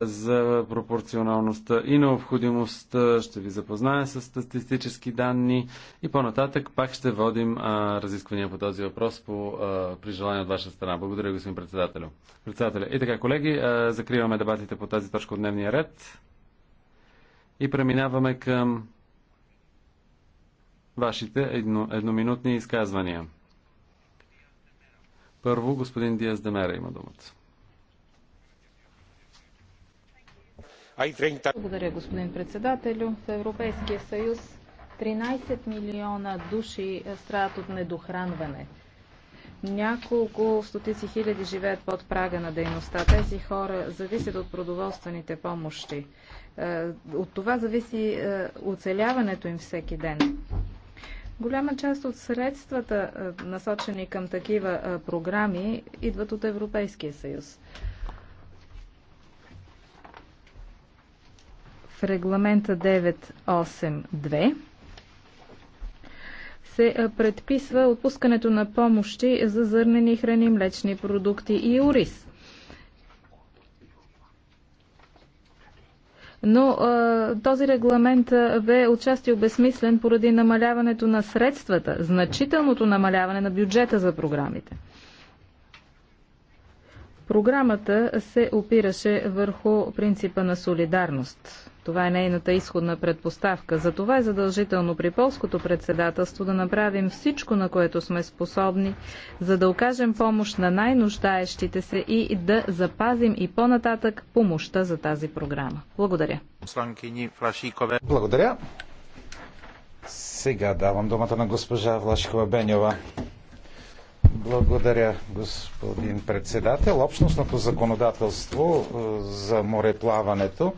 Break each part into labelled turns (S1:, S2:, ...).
S1: за пропорционалността и необходимостта. Ще ви запознаем с статистически данни и по-нататък пак ще водим а, разисквания по този въпрос по, а, при желание от ваша страна. Благодаря, господин председателю. председателя. И така, колеги, а, закриваме дебатите по тази точка от дневния ред и преминаваме към вашите едно, едноминутни изказвания. Първо, господин Диаз Демера има думата.
S2: Благодаря, господин председателю. В Европейския съюз 13 милиона души страдат от недохранване. Няколко стотици хиляди живеят под прага на дейността. Тези хора зависят от продоволствените помощи. Е, от това зависи е, оцеляването им всеки ден. Голяма част от средствата, е, насочени към такива програми, идват от Европейския съюз. в регламента 982 се предписва отпускането на помощи за зърнени храни, млечни продукти и ориз. Но а, този регламент бе отчасти обесмислен поради намаляването на средствата, значителното намаляване на бюджета за програмите. Програмата се опираше върху принципа на солидарност. Това е нейната изходна предпоставка. За това е задължително при полското председателство да направим всичко, на което сме способни, за да окажем помощ на най-нуждаещите се и да запазим и по-нататък помощта за тази програма. Благодаря.
S1: Благодаря. Сега давам думата на госпожа Влашкова Бенева. Благодаря, господин председател. Общностното законодателство е, за мореплаването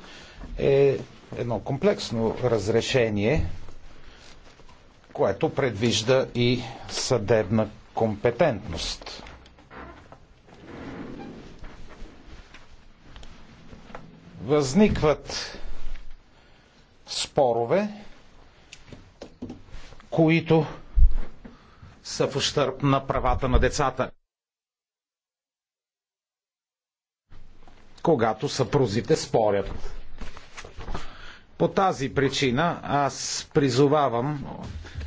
S1: е едно комплексно разрешение, което предвижда и съдебна компетентност. Възникват спорове, които са в ущърп на правата на децата. Когато съпрузите спорят по тази причина аз призовавам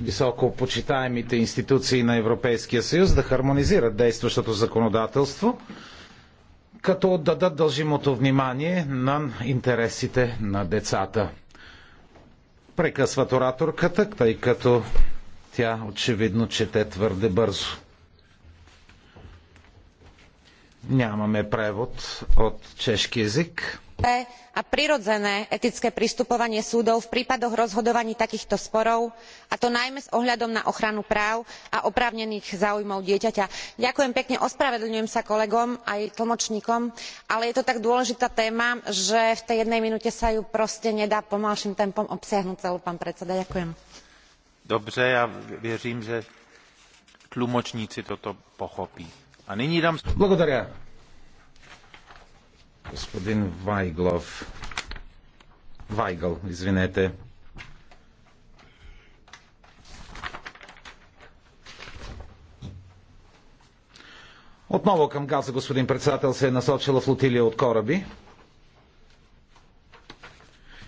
S1: високо почитаемите институции на Европейския съюз да хармонизират действащото законодателство, като отдадат дължимото внимание на интересите на децата. Прекъсват ораторката, тъй като тя очевидно чете твърде бързо. Нямаме превод от чешки език
S3: dôležité a prirodzené etické pristupovanie súdov v prípadoch rozhodovaní takýchto sporov a to najmä s ohľadom na ochranu práv a oprávnených záujmov dieťaťa. ďakujem pekne ospravedlňujem sa kolegom aj tlmočníkom ale je to tak dôležitá téma že v tej jednej minúte sa ju proste nedá pomalším tempom obsiahnuť celú pán predseda. ďakujem.
S1: dobře já věřím že tlumočníci toto pochopí. a nyní dám господин Вайглов. Вайгъл, извинете. Отново към газа, господин председател, се е насочила флотилия от кораби.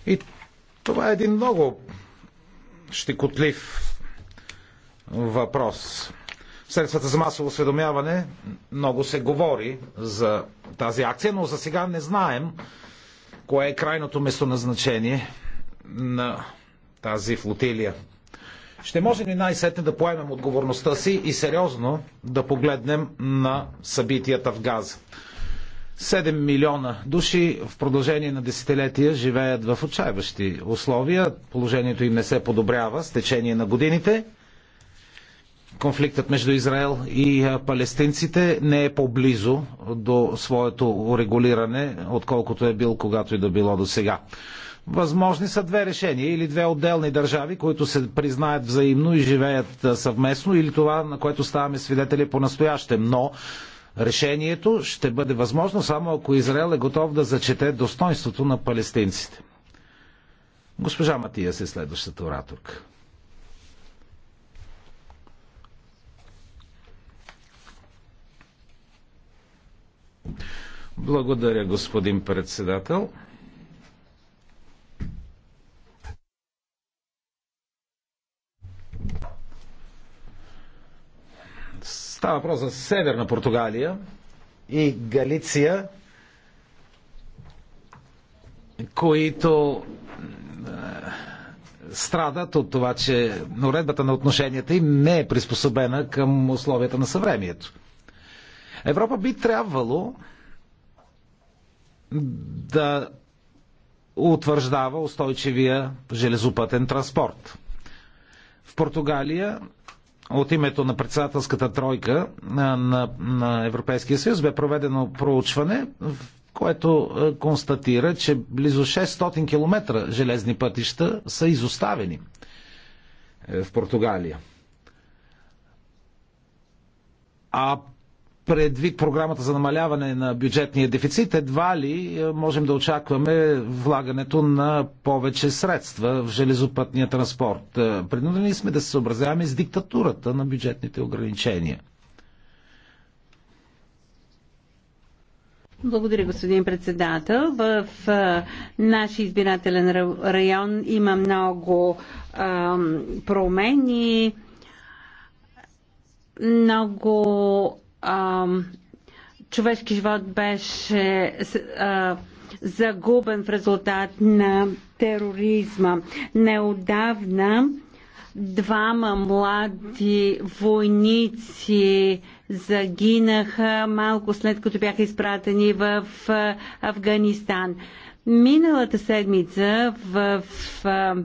S1: И това е един много щекотлив въпрос средствата за масово осведомяване много се говори за тази акция, но за сега не знаем кое е крайното местоназначение на тази флотилия. Ще можем ли най-сетне да поемем отговорността си и сериозно да погледнем на събитията в Газа? 7 милиона души в продължение на десетилетия живеят в отчаиващи условия. Положението им не се подобрява с течение на годините конфликтът между Израел и палестинците не е по-близо до своето урегулиране, отколкото е бил когато и да било до сега. Възможни са две решения или две отделни държави, които се признаят взаимно и живеят съвместно, или това, на което ставаме свидетели по-настоящем. Но решението ще бъде възможно само ако Израел е готов да зачете достоинството на палестинците. Госпожа Матия се следващата ораторка. Благодаря, господин председател. Става въпрос за Северна Португалия и Галиция, които е, страдат от това, че уредбата на отношенията им не е приспособена към условията на съвремието. Европа би трябвало да утвърждава устойчивия железопътен транспорт. В Португалия от името на председателската тройка на, на, на Европейския съюз бе проведено проучване, в което констатира, че близо 600 км железни пътища са изоставени е, в Португалия. А предвид програмата за намаляване на бюджетния дефицит, едва ли е, можем да очакваме влагането на повече средства в железопътния транспорт. Е, принудени сме да се съобразяваме с диктатурата на бюджетните ограничения.
S3: Благодаря, господин председател. В а, е, нашия избирателен район има много а, промени, много а, човешки живот беше а, загубен в резултат на тероризма. Неодавна двама млади войници загинаха малко след като бяха изпратени в Афганистан. Миналата седмица в,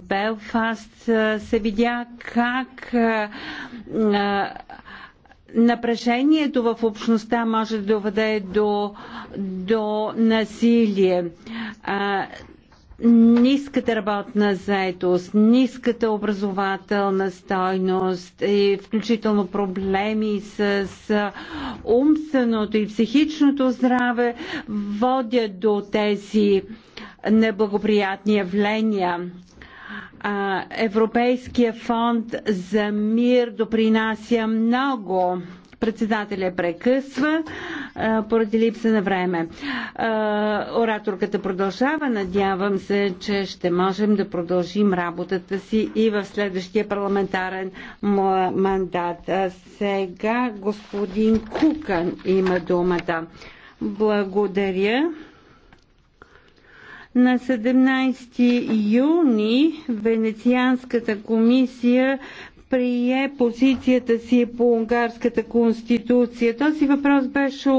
S3: Белфаст се видя как напрежението в общността може да доведе до, до насилие. А, ниската работна заетост, ниската образователна стойност и включително проблеми с умственото и психичното здраве водят до тези неблагоприятни явления. Европейския фонд за мир допринася много председателя прекъсва а, поради липса на време. А, ораторката продължава. Надявам се, че ще можем да продължим работата си и в следващия парламентарен мандат. А сега господин Кукан има думата. Благодаря. На 17 юни Венецианската комисия прие позицията си по унгарската конституция. Този въпрос беше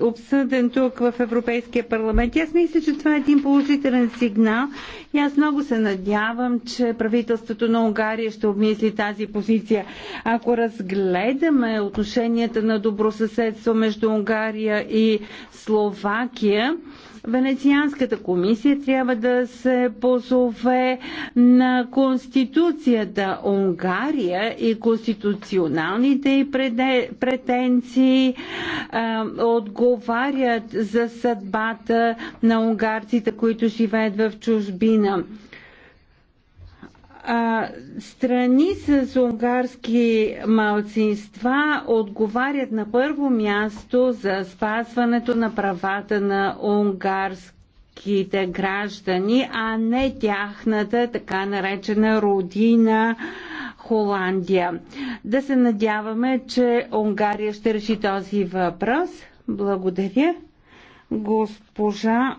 S3: обсъден тук в Европейския парламент. Аз мисля, че това е един положителен сигнал и аз много се надявам, че правителството на Унгария ще обмисли тази позиция. Ако разгледаме отношенията на добросъседство между Унгария и Словакия, Венецианската комисия трябва да се позове на Конституцията Унгария и конституционалните и претенции а, отговарят за съдбата на унгарците, които живеят в чужбина а, страни с унгарски малцинства отговарят на първо място за спазването на правата на унгарските граждани, а не тяхната така наречена родина Холандия. Да се надяваме, че Унгария ще реши този въпрос. Благодаря. Госпожа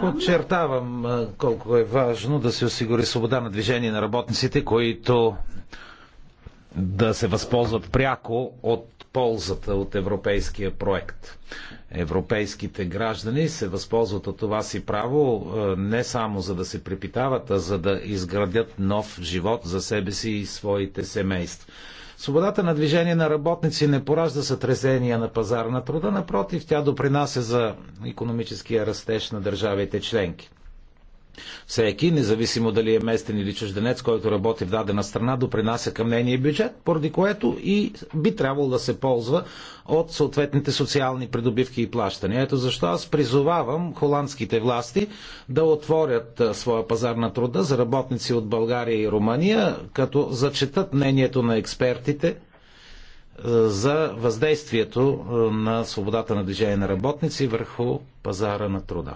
S1: Подчертавам колко е важно да се осигури свобода на движение на работниците, които да се възползват пряко от ползата от европейския проект. Европейските граждани се възползват от това си право не само за да се препитават, а за да изградят нов живот за себе си и своите семейства. Свободата на движение на работници не поражда сътресения на пазара на труда, напротив, тя допринася за економическия растеж на държавите членки. Всеки, независимо дали е местен или чужденец, който работи в дадена страна, допринася към нейния бюджет, поради което и би трябвало да се ползва от съответните социални придобивки и плащания. Ето защо аз призовавам холандските власти да отворят своя пазар на труда за работници от България и Румъния, като зачетат мнението на експертите за въздействието на свободата на движение на работници върху пазара на труда.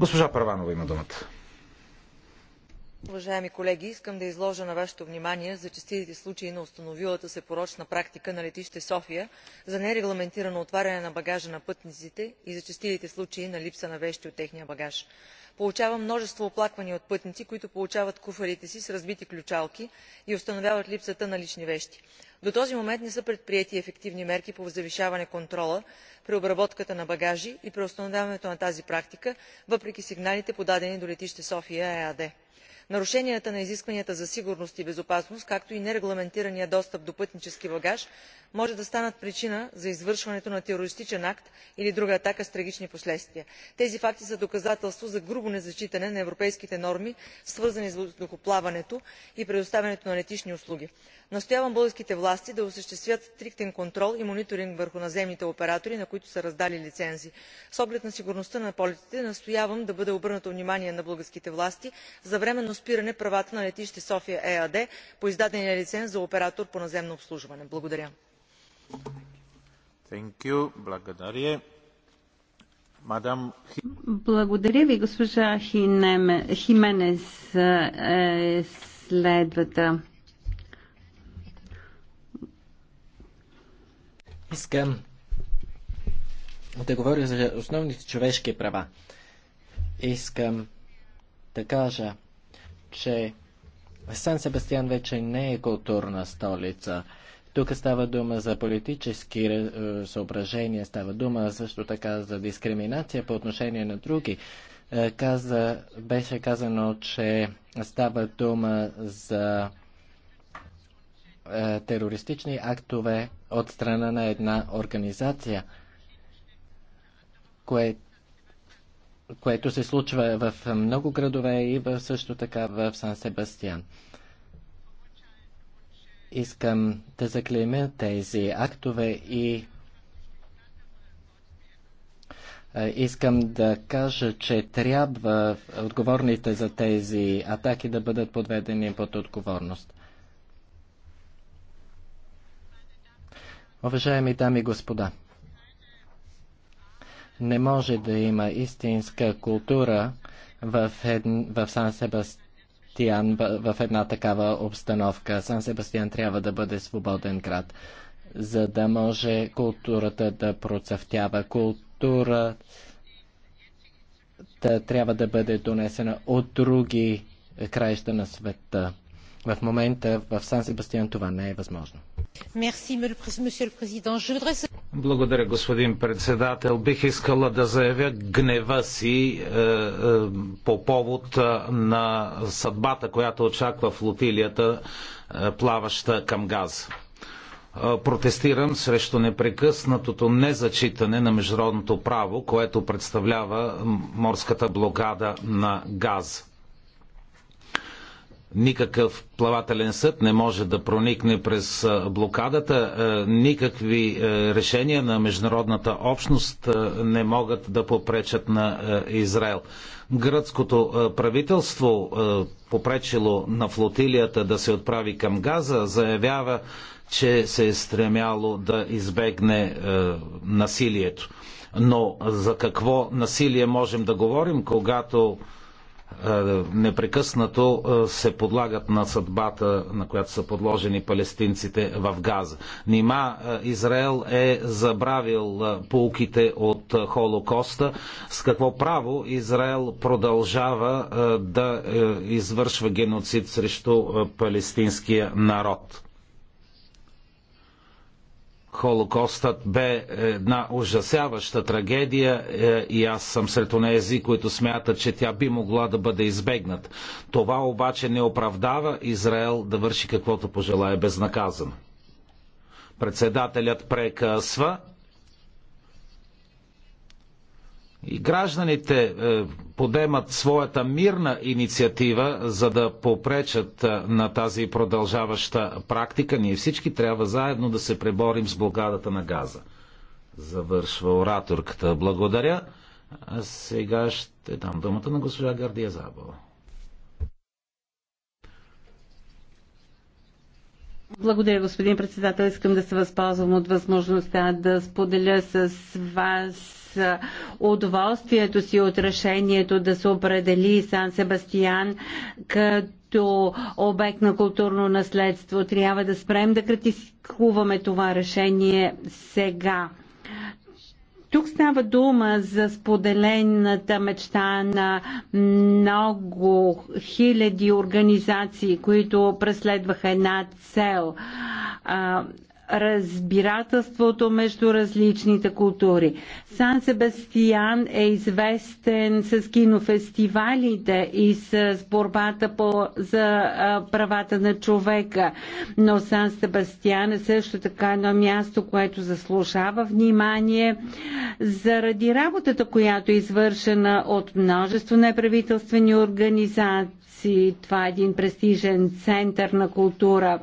S1: Госпожа Първанова има думата.
S4: Уважаеми колеги, искам да изложа на вашето внимание за частите случаи на установилата се порочна практика на летище София за нерегламентирано отваряне на багажа на пътниците и за частите случаи на липса на вещи от техния багаж. Получавам множество оплаквания от пътници, които получават куфарите си с разбити ключалки и установяват липсата на лични вещи до този момент не са предприети ефективни мерки по завишаване контрола при обработката на багажи и преустановяването на тази практика въпреки сигналите подадени до летище софия ead. нарушенията на изискванията за сигурност и безопасност както и нерегламентираният достъп до пътнически багаж може да станат причина за извършването на терористичен акт или друга атака с трагични последствия. тези факти са доказателство за грубо незачитане на европейските норми свързани с въздухоплаването и предоставянето на летищни услуги настоявам българските власти да осъществят стриктен контрол и мониторинг върху наземните оператори на които са раздали лицензи. с оглед на сигурността на полетите настоявам да бъде обърнато внимание на българските власти за временно спиране правата на летище софия еад по издадения лиценз за оператор по наземно обслужване. благодаря.
S3: Благодаря ви, госпожа Хименес е следвата.
S5: Искам да говоря за основните човешки права. Искам да кажа, че Сан Себастьян вече не е културна столица. Тук става дума за политически е, съображения, става дума също така за дискриминация по отношение на други. Е, каза, беше казано, че става дума за е, терористични актове от страна на една организация, кое, което се случва в много градове и в, също така в Сан Себастьян. Искам да заклеймя тези актове и е, Искам да кажа, че трябва отговорните за тези атаки да бъдат подведени под отговорност. Уважаеми дами и господа, не може да има истинска култура в, ед... в Сан Себастиан в една такава обстановка. Сан Себастиан трябва да бъде свободен град, за да може културата да процъфтява. Културата трябва да бъде донесена от други краища на света. В момента в Сан Себастиан това не е възможно. Благодаря, господин председател.
S1: Бих искала да заявя гнева си е, е, по повод е, на съдбата, която очаква флотилията, плаваща към Газа. Протестирам срещу непрекъснатото незачитане на международното право, което представлява морската блокада на Газа Никакъв плавателен съд не може да проникне през блокадата, никакви решения на международната общност не могат да попречат на Израел. Гръцкото правителство, попречило на флотилията да се отправи към Газа, заявява, че се е стремяло да избегне насилието. Но за какво насилие можем да говорим, когато е, непрекъснато е, се подлагат на съдбата, на която са подложени палестинците в Газа. Нима е, Израел е забравил полките от Холокоста. С какво право Израел продължава да извършва геноцид срещу палестинския народ? Холокостът бе една ужасяваща трагедия е, и аз съм сред онези, които смятат, че тя би могла да бъде избегната. Това обаче не оправдава Израел да върши каквото пожелае безнаказано. Председателят прекъсва. И гражданите е, подемат своята мирна инициатива, за да попречат е, на тази продължаваща практика. Ние всички трябва заедно да се преборим с блокадата на газа. Завършва ораторката. Благодаря. А сега ще дам думата на госпожа Гардия Забова.
S3: Благодаря, господин председател. Искам да се възползвам от възможността да споделя с вас удоволствието си от решението да се определи Сан Себастиян като като обект на културно наследство. Трябва да спрем да критикуваме това решение сега. Тук става дума за споделената мечта на много хиляди организации, които преследваха една цел разбирателството между различните култури. Сан Себастиян е известен с кинофестивалите и с борбата по, за а, правата на човека, но Сан Себастиян е също така едно място, което заслужава внимание заради работата, която е извършена от множество неправителствени организации. Това е един престижен център на култура.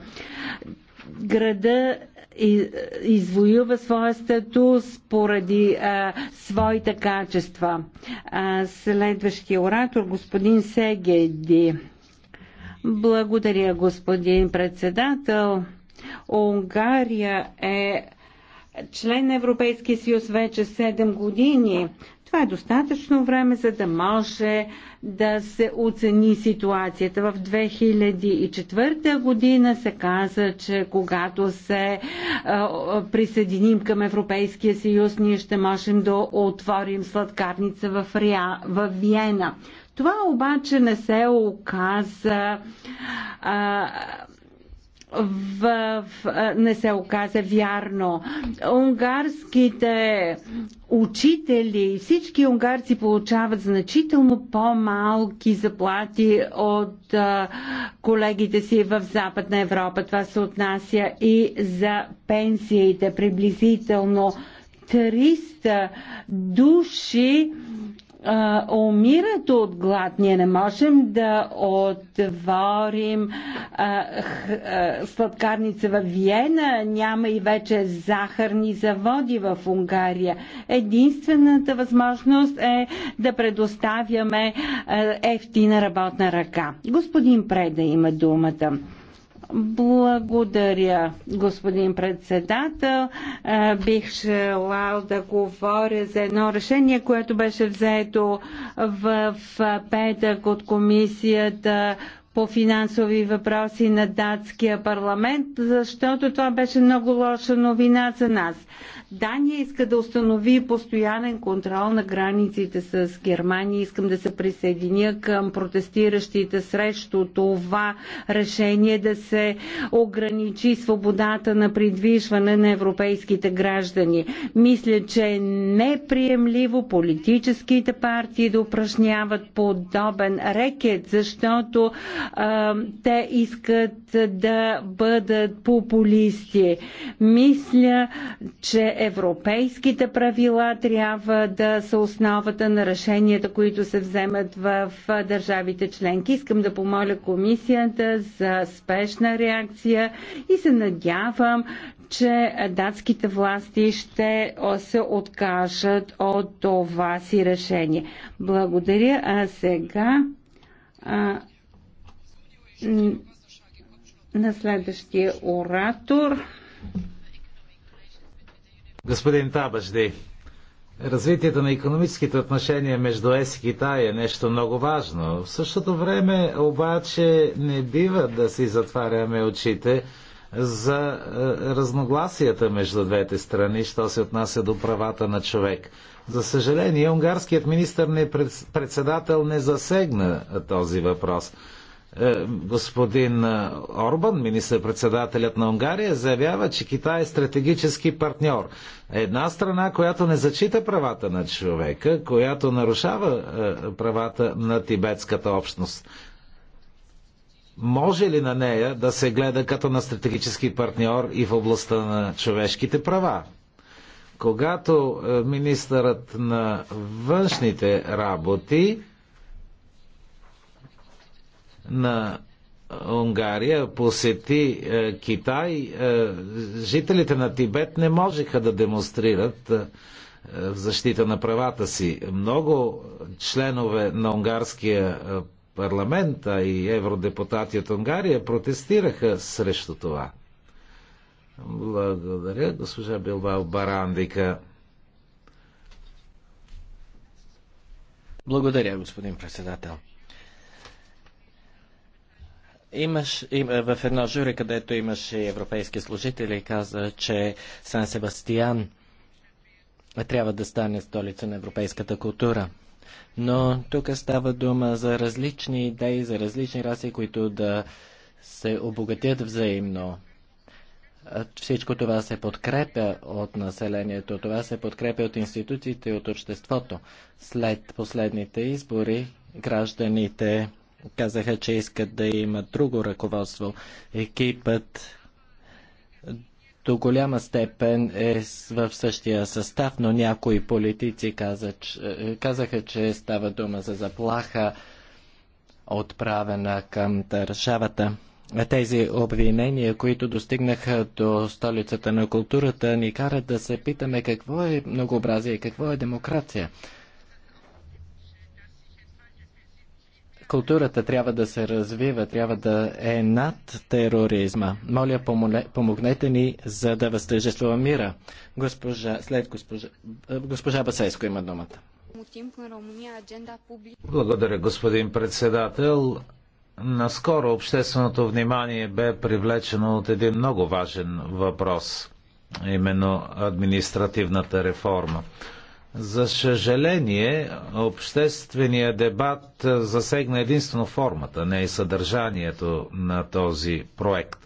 S3: Града е, извоюва своя статус поради а, е, своите качества. А, е, следващия оратор, господин Сегеди. Благодаря, господин председател. Унгария е член на Европейския съюз вече 7 години. Това е достатъчно време, за да може да се оцени ситуацията. В 2004 година се каза, че когато се присъединим към Европейския съюз, ние ще можем да отворим сладкарница в, Риа, в Виена. Това обаче не се оказа а, в, в, не се оказа вярно. Унгарските учители, всички унгарци получават значително по-малки заплати от а, колегите си в Западна Европа. Това се отнася и за пенсиите. Приблизително 300 души а, умират от глад. Ние не можем да отворим а, х, а, сладкарница в Виена. Няма и вече захарни заводи в Унгария. Единствената възможност е да предоставяме а, ефтина работна ръка. Господин Преда има думата. Благодаря, господин председател. Е, бих желал да говоря за едно решение, което беше взето в петък от комисията по финансови въпроси на датския парламент, защото това беше много лоша новина за нас. Дания иска да установи постоянен контрол на границите с Германия. Искам да се присъединя към протестиращите срещу това решение да се ограничи свободата на придвижване на европейските граждани. Мисля, че е неприемливо политическите партии да упражняват подобен рекет, защото а, те искат да бъдат популисти. Мисля, че европейските правила трябва да са основата на решенията, които се вземат в държавите членки. Искам да помоля комисията за спешна реакция и се надявам, че датските власти ще се откажат от това си решение. Благодаря. А сега а, на следващия оратор.
S1: Господин Табажди, развитието на економическите отношения между ЕС и Китай е нещо много важно. В същото време обаче не бива да си затваряме очите за е, разногласията между двете страни, що се отнася до правата на човек. За съжаление, унгарският министър не председател не засегна този въпрос. Е, господин е, Орбан, министър-председателят на Унгария, заявява, че Китай е стратегически партньор. Една страна, която не зачита правата на човека, която нарушава е, правата на тибетската общност. Може ли на нея да се гледа като на стратегически партньор и в областта на човешките права? Когато министърът на външните работи на Унгария посети Китай, жителите на Тибет не можеха да демонстрират в защита на правата си. Много членове на унгарския парламент, а и евродепутати от Унгария протестираха срещу това. Благодаря, госпожа Билбао Барандика.
S5: Благодаря, господин председател. Имаш, им, е, в едно жури, където имаше европейски служители, каза, че Сан Себастиян трябва да стане столица на европейската култура. Но тук става дума за различни идеи, за различни раси, които да се обогатят взаимно. Всичко това се подкрепя от населението, това се подкрепя от институциите и от обществото. След последните избори гражданите казаха, че искат да имат друго ръководство. Екипът до голяма степен е в същия състав, но някои политици каза, че, казаха, че става дума за заплаха, отправена към държавата. Тези обвинения, които достигнаха до столицата на културата, ни карат да се питаме какво е многообразие, какво е демокрация. Културата трябва да се развива, трябва да е над тероризма. Моля, помоле, помогнете ни, за да възтържествува мира. Госпожа, след госпожа, е, госпожа Басейско има думата. Благодаря, господин председател.
S1: Наскоро общественото внимание бе привлечено от един много важен въпрос, именно административната реформа. За съжаление, обществения дебат засегна единствено формата, не и съдържанието на този проект.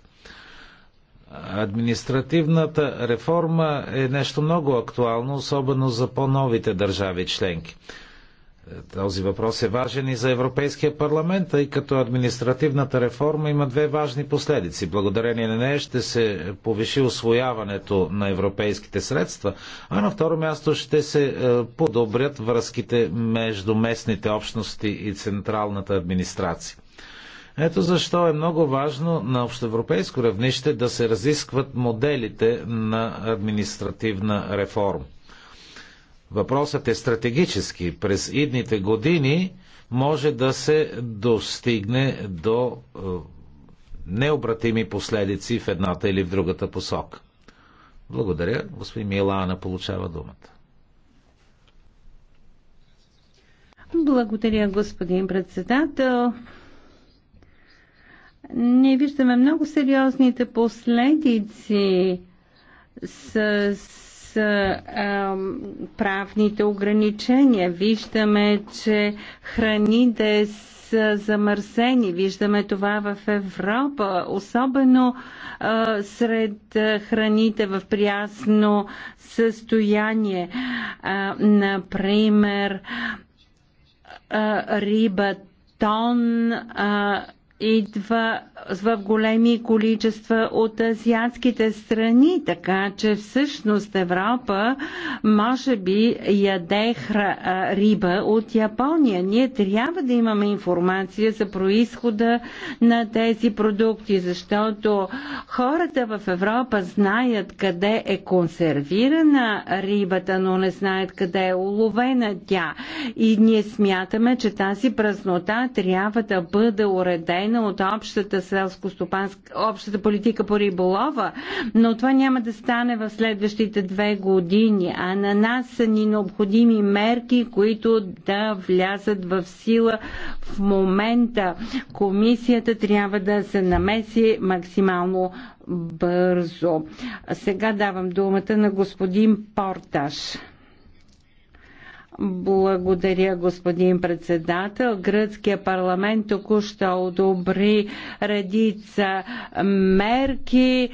S1: Административната реформа е нещо много актуално, особено за по-новите държави членки. Този въпрос е важен и за Европейския парламент, тъй като административната реформа има две важни последици. Благодарение на нея ще се повиши освояването на европейските средства, а на второ място ще се е, подобрят връзките между местните общности и централната администрация. Ето защо е много важно на общоевропейско равнище да се разискват моделите на административна реформа. Въпросът е стратегически. През идните години може да се достигне до е, необратими последици в едната или в другата посока. Благодаря. Господин Милана получава думата.
S3: Благодаря, господин председател. Не виждаме много сериозните последици с са а, правните ограничения. Виждаме, че храните са замърсени. Виждаме това в Европа, особено а, сред храните в приясно състояние. А, например, а, риба, тон, а, идва в големи количества от азиатските страни, така че всъщност Европа може би яде хра, а, риба от Япония. Ние трябва да имаме информация за происхода на тези продукти, защото хората в Европа знаят къде е консервирана рибата, но не знаят къде е уловена тя. И ние смятаме, че тази празнота трябва да бъде уредена обособена от общата общата политика по риболова, но това няма да стане в следващите две години, а на нас са ни необходими мерки, които да влязат в сила в момента. Комисията трябва да се намеси максимално бързо. Сега давам думата на господин Порташ. Благодаря, господин председател. Гръцкия парламент току-що одобри редица мерки,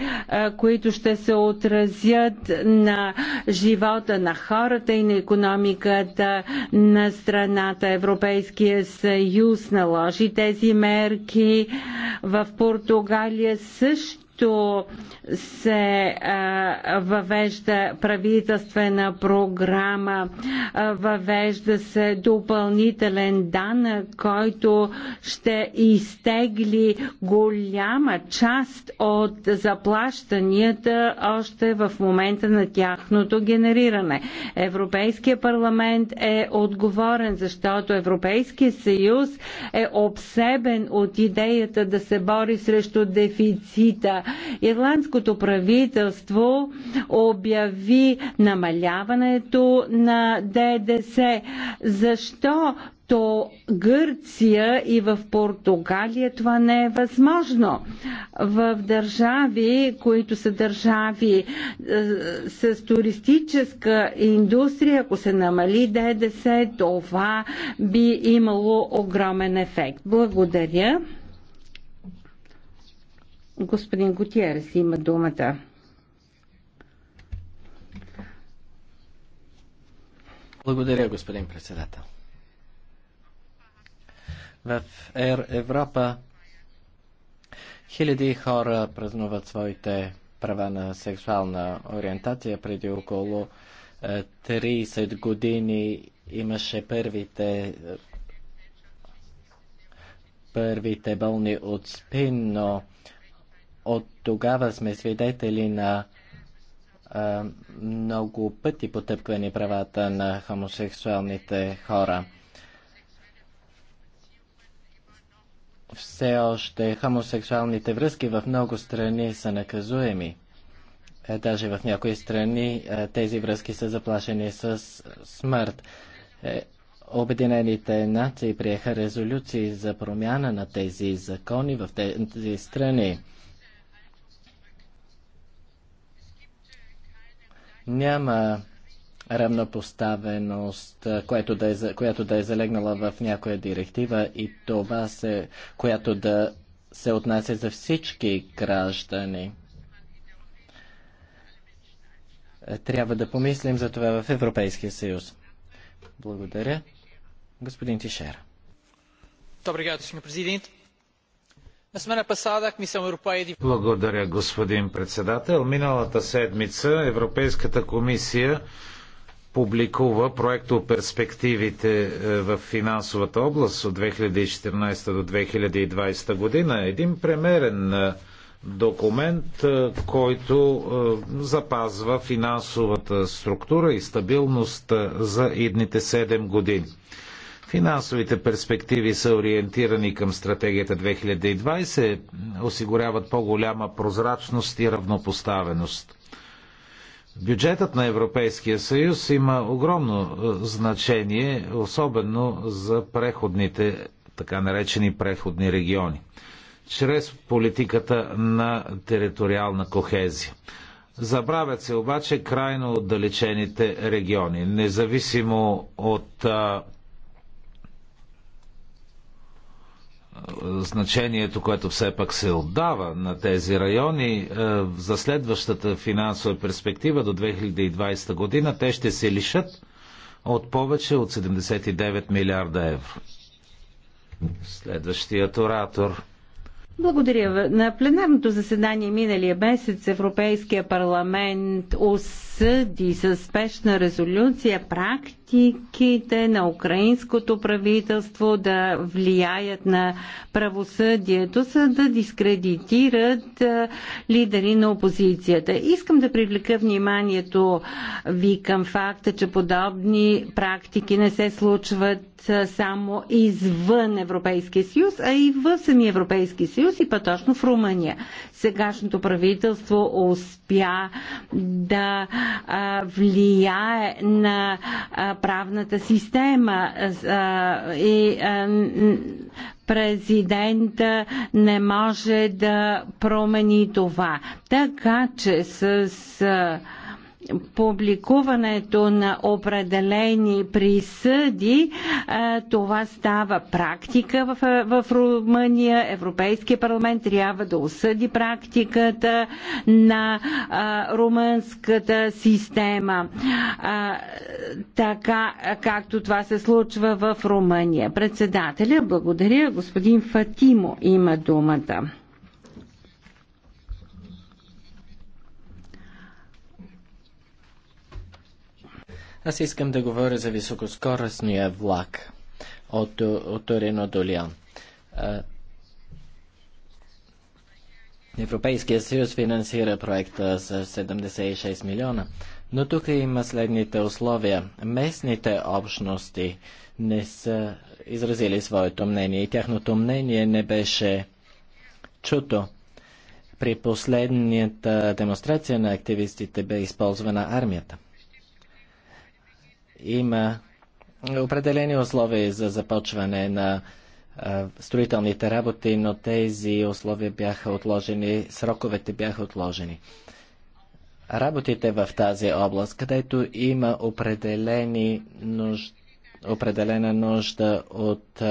S3: които ще се отразят на живота на хората и на економиката на страната. Европейския съюз наложи тези мерки. В Португалия също също се въвежда правителствена програма, въвежда се допълнителен данък, който ще изтегли голяма част от заплащанията още в момента на тяхното генериране. Европейския парламент е отговорен, защото Европейския съюз е обсебен от идеята да се бори срещу дефицита Ирландското правителство обяви намаляването на ДДС. Защо то Гърция и в Португалия това не е възможно. В държави, които са държави е, с туристическа индустрия, ако се намали ДДС, това би имало огромен ефект. Благодаря. Господин Гутиерес има думата.
S5: Благодаря, господин председател. В Ер Европа хиляди хора празнуват своите права на сексуална ориентация. Преди около 30 е, години имаше първите е, първите болни от спин, но от тогава сме свидетели на а, много пъти потъпквани правата на хомосексуалните хора. Все още хомосексуалните връзки в много страни са наказуеми. Е, даже в някои страни е, тези връзки са заплашени с смърт. Е, Обединените нации приеха резолюции за промяна на тези закони в тези страни. Няма равнопоставеност, която да е, която да е залегнала в някоя директива и това се, която да се отнася за всички граждани. Е, трябва да помислим за това в Европейския съюз. Благодаря. Господин Тишер. Добре, господин президент.
S1: Благодаря, господин председател. Миналата седмица Европейската комисия публикува проекто перспективите е, в финансовата област от 2014 до 2020 година. Един премерен е, документ, е, който запазва финансовата структура и стабилност за идните 7 години. Финансовите перспективи са ориентирани към стратегията 2020, осигуряват по-голяма прозрачност и равнопоставеност. Бюджетът на Европейския съюз има огромно е, значение, особено за преходните, така наречени преходни региони, чрез политиката на териториална кохезия. Забравят се обаче крайно отдалечените региони, независимо от значението, което все пак се отдава на тези райони е, за следващата финансова перспектива до 2020 година, те ще се лишат от повече от 79 милиарда евро. Следващият оратор.
S3: Благодаря. На пленарното заседание миналия месец Европейския парламент осъди със спешна резолюция практика политиките на украинското правителство да влияят на правосъдието, са да дискредитират лидери на опозицията. Искам да привлека вниманието ви към факта, че подобни практики не се случват само извън Европейския съюз, а и в самия Европейски съюз и по-точно в Румъния. Сегашното правителство успя да влияе на правната система и президента не може да промени това. Така че с публикуването на определени присъди, това става практика в, в Румъния. Европейския парламент трябва да осъди практиката на румънската система, така както това се случва в Румъния. Председателя, благодаря. Господин Фатимо има думата.
S5: Аз искам да говоря за високоскоростния влак от, от Торино до Лиан. Европейския съюз финансира проекта с 76 милиона, но тук има следните условия. Местните общности не са изразили своето мнение и тяхното мнение не беше чуто. При последната демонстрация на активистите бе използвана армията има определени условия за започване на строителните работи, но тези условия бяха отложени, сроковете бяха отложени. Работите в тази област, където има определени нуж... определена нужда от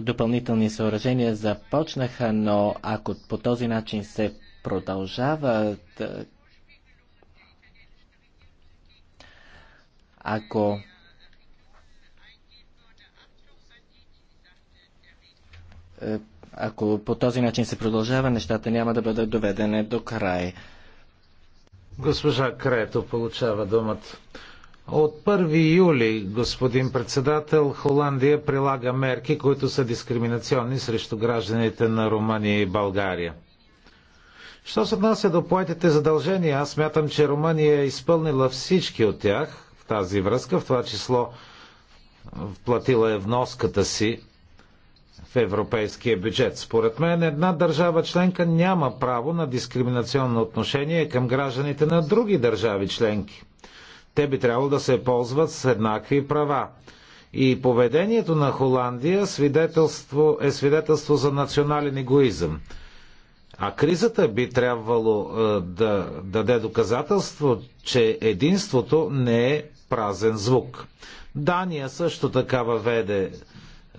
S5: допълнителни съоръжения започнаха, но ако по този начин се продължават Ако е, ако по този начин се продължава, нещата няма да бъдат доведени до край.
S1: Госпожа Крето получава думата. От 1 юли, господин председател, Холандия прилага мерки, които са дискриминационни срещу гражданите на Румъния и България. Що се отнася до поетите задължения, аз мятам, че Румъния е изпълнила всички от тях – тази връзка, в това число платила е вноската си в европейския бюджет. Според мен една държава членка няма право на дискриминационно отношение към гражданите на други държави членки. Те би трябвало да се ползват с еднакви права. И поведението на Холандия свидетелство, е свидетелство за национален егоизъм. А кризата би трябвало е, да даде доказателство, че единството не е празен звук. Дания също така въведе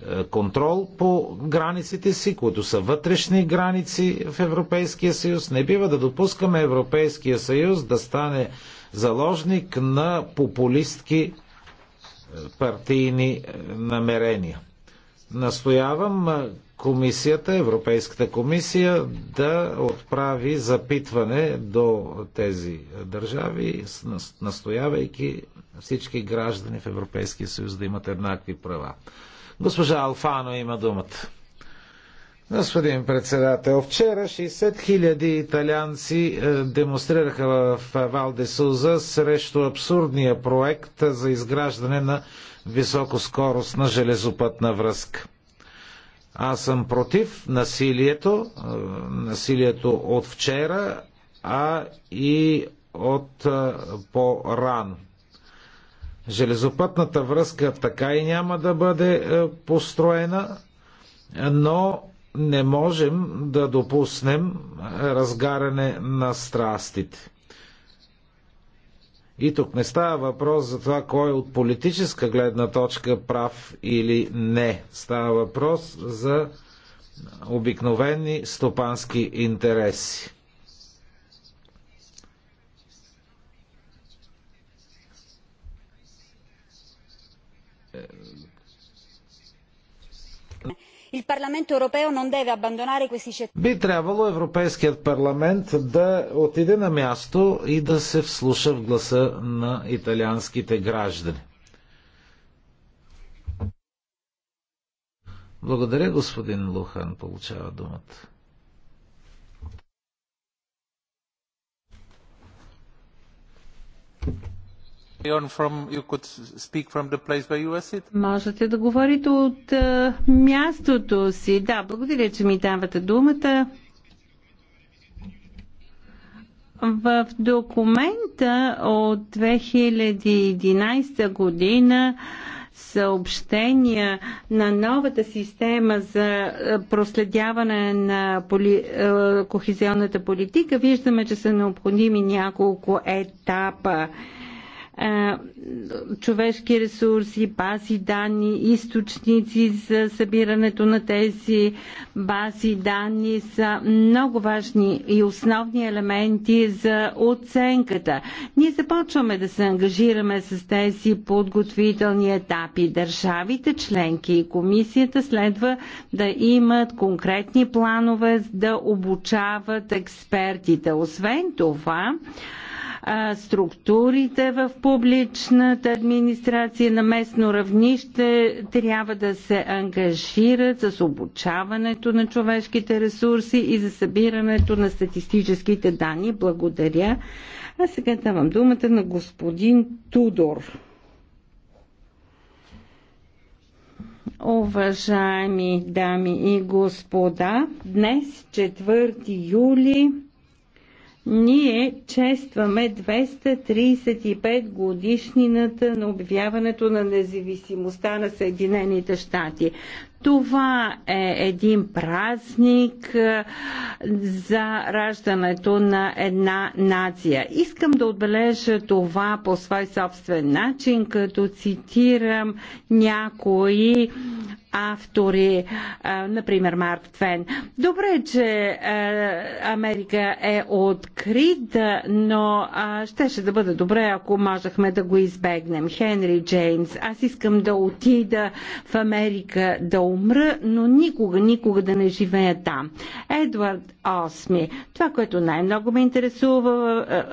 S1: е, контрол по границите си, които са вътрешни граници в Европейския съюз. Не бива да допускаме Европейския съюз да стане заложник на популистки е, партийни е, намерения. Настоявам комисията, Европейската комисия да отправи запитване до тези държави, настоявайки всички граждани в Европейския съюз да имат еднакви права. Госпожа Алфано има думата. Господин председател, вчера 60 хиляди италианци е, демонстрираха в Валде Суза срещу абсурдния проект за изграждане на високоскоростна железопътна връзка. Аз съм против насилието, насилието от вчера, а и от по-рано. Железопътната връзка така и няма да бъде построена, но не можем да допуснем разгаряне на страстите. И тук не става въпрос за това кой от политическа гледна точка прав или не. Става въпрос за обикновени стопански интереси.
S3: Il Parlamento europeo non deve abbandonare questi
S1: Би трябвало Европейският парламент да отиде на място и да се вслуша в гласа на италианските граждани. Благодаря, господин Лухан, получава думата.
S3: Можете да говорите от е, мястото си. Да, благодаря, че ми давате думата. В документа от 2011 година съобщения на новата система за е, проследяване на поли, е, кохезионната политика, виждаме, че са необходими няколко етапа. Е, човешки ресурси, бази данни, източници за събирането на тези бази данни са много важни и основни елементи за оценката. Ние започваме да се ангажираме с тези подготвителни етапи. Държавите членки и комисията следва да имат конкретни планове да обучават експертите. Освен това, а, структурите в публичната администрация на местно равнище трябва да се ангажират с обучаването на човешките ресурси и за събирането на статистическите данни. Благодаря. А сега давам думата на господин Тудор. Уважаеми дами и господа, днес 4 юли ние честваме 235 годишнината на обявяването на независимостта на Съединените щати. Това е един празник за раждането на една нация. Искам да отбележа това по свой собствен начин, като цитирам някои автори, например Марк Твен. Добре, че Америка е открита, но щеше да бъде добре, ако можехме да го избегнем. Хенри Джеймс, аз искам да отида в Америка да умра, но никога, никога да не живея там. Едвард Осми. Това, което най-много ме интересува,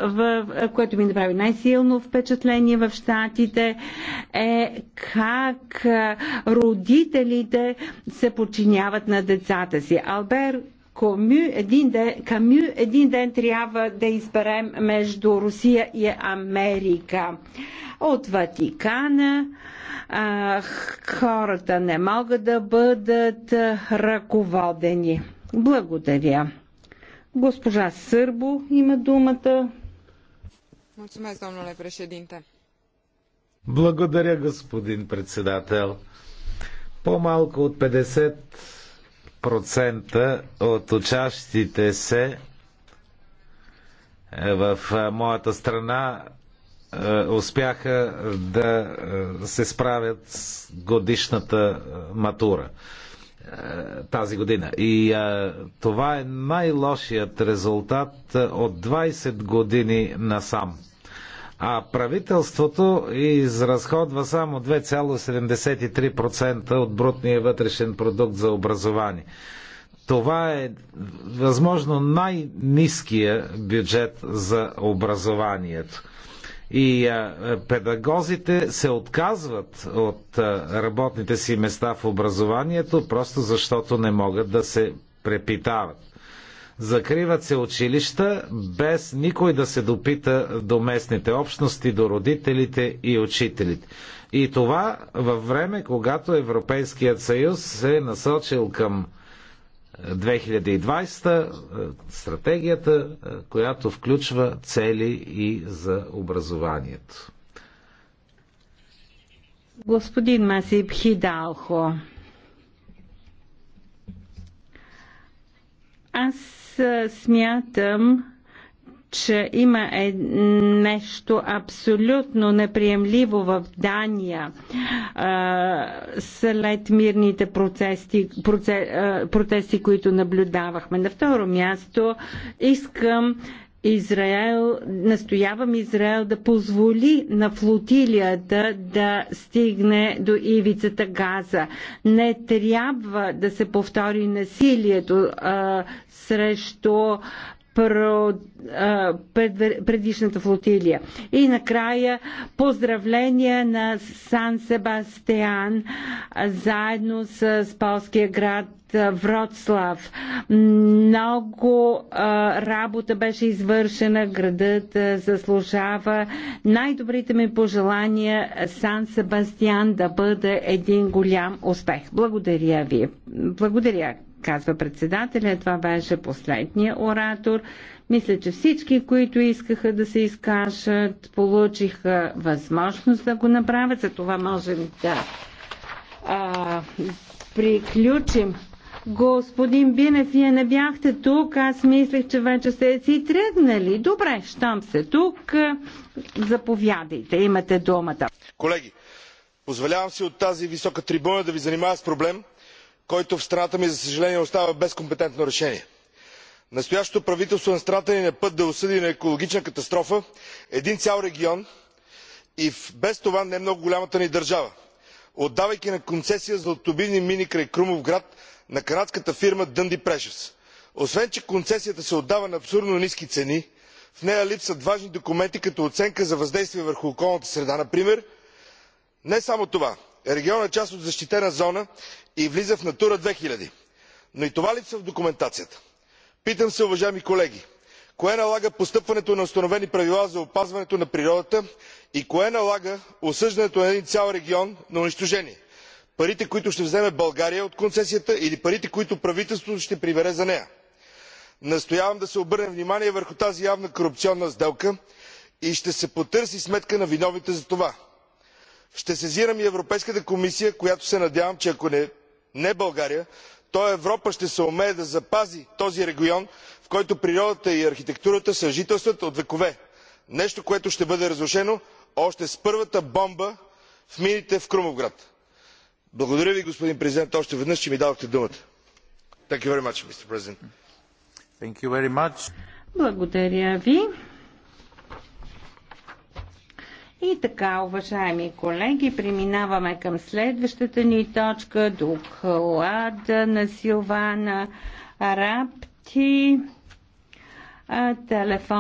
S3: в, в, което ми направи най-силно впечатление в Штатите, е как родители родителите се подчиняват на децата си. Албер Камю един, ден, Камю един ден трябва да изберем между Русия и Америка. От Ватикана а, хората не могат да бъдат ръководени. Благодаря. Госпожа Сърбо
S4: има думата.
S1: Благодаря, господин председател. По-малко от 50% от учащите се е, в е, моята страна е, успяха да се справят с годишната матура тази година. И а, това е най-лошият резултат от 20 години насам а правителството изразходва само 2,73% от брутния вътрешен продукт за образование. Това е възможно най-низкия бюджет за образованието. И а, педагозите се отказват от а, работните си места в образованието, просто защото не могат да се препитават. Закриват се училища без никой да се допита до местните общности, до родителите и учителите. И това във време, когато Европейският съюз се е насочил към 2020 е, е, стратегията, е, която включва цели и за образованието.
S3: Господин Масип Хидалхо, аз смятам, че има е нещо абсолютно неприемливо в Дания а, след мирните процеси, процеси, а, протести, които наблюдавахме. На второ място искам Израел, настоявам Израел да позволи на флотилията да стигне до ивицата Газа. Не трябва да се повтори насилието срещу предишната флотилия. И накрая поздравления на Сан Себастиан заедно с полския град Вроцлав. Много а, работа беше извършена, градът а, заслужава. Най-добрите ми пожелания Сан Себастиан да бъде един голям успех. Благодаря ви. Благодаря казва председателя. Това беше последния оратор. Мисля, че всички, които искаха да се изкажат, получиха възможност да го направят. За това можем да а, приключим. Господин Бинев, вие не бяхте тук. Аз мислех, че вече сте си тръгнали. Добре, щом се тук, заповядайте. Имате думата.
S6: Колеги, позволявам си от тази висока трибуна да ви занимава с проблем, който в страната ми за съжаление остава без компетентно решение. настоящото правителство на страната ни е на път да осъди на екологична катастрофа един цял регион и без това не е много голямата ни държава отдавайки на концесия златодобивни мини край крумовград на канадската фирма дънди прешъс. освен че концесията се отдава на абсурдно ниски цени в нея липсват важни документи като оценка за въздействие върху околната среда например. не само това регионът е част от защитена зона и влиза в натура две хиляди но и това липсва в документацията. питам се уважаеми колеги кое налага постъпването на установени правила за опазването на природата и кое налага осъждането на един цял регион на унищожение парите които ще вземе българия от концесията или парите които правителството ще прибере за нея? настоявам да се обърне внимание върху тази явна корупционна сделка и ще се потърси сметка на виновните за това ще сезирам и европейската комисия която се надявам че ако не българя то европа ще съумее да запази този регион в който природата и архитектурата съжителстват от векове нещо което ще бъде разрушено още с първата бомба в мините в крумовград. благодаря ви господин президент още веднъж че ми дадохте думата.
S3: И така, уважаеми колеги, преминаваме към следващата ни точка, доклада
S4: на Силвана Рапти, телефон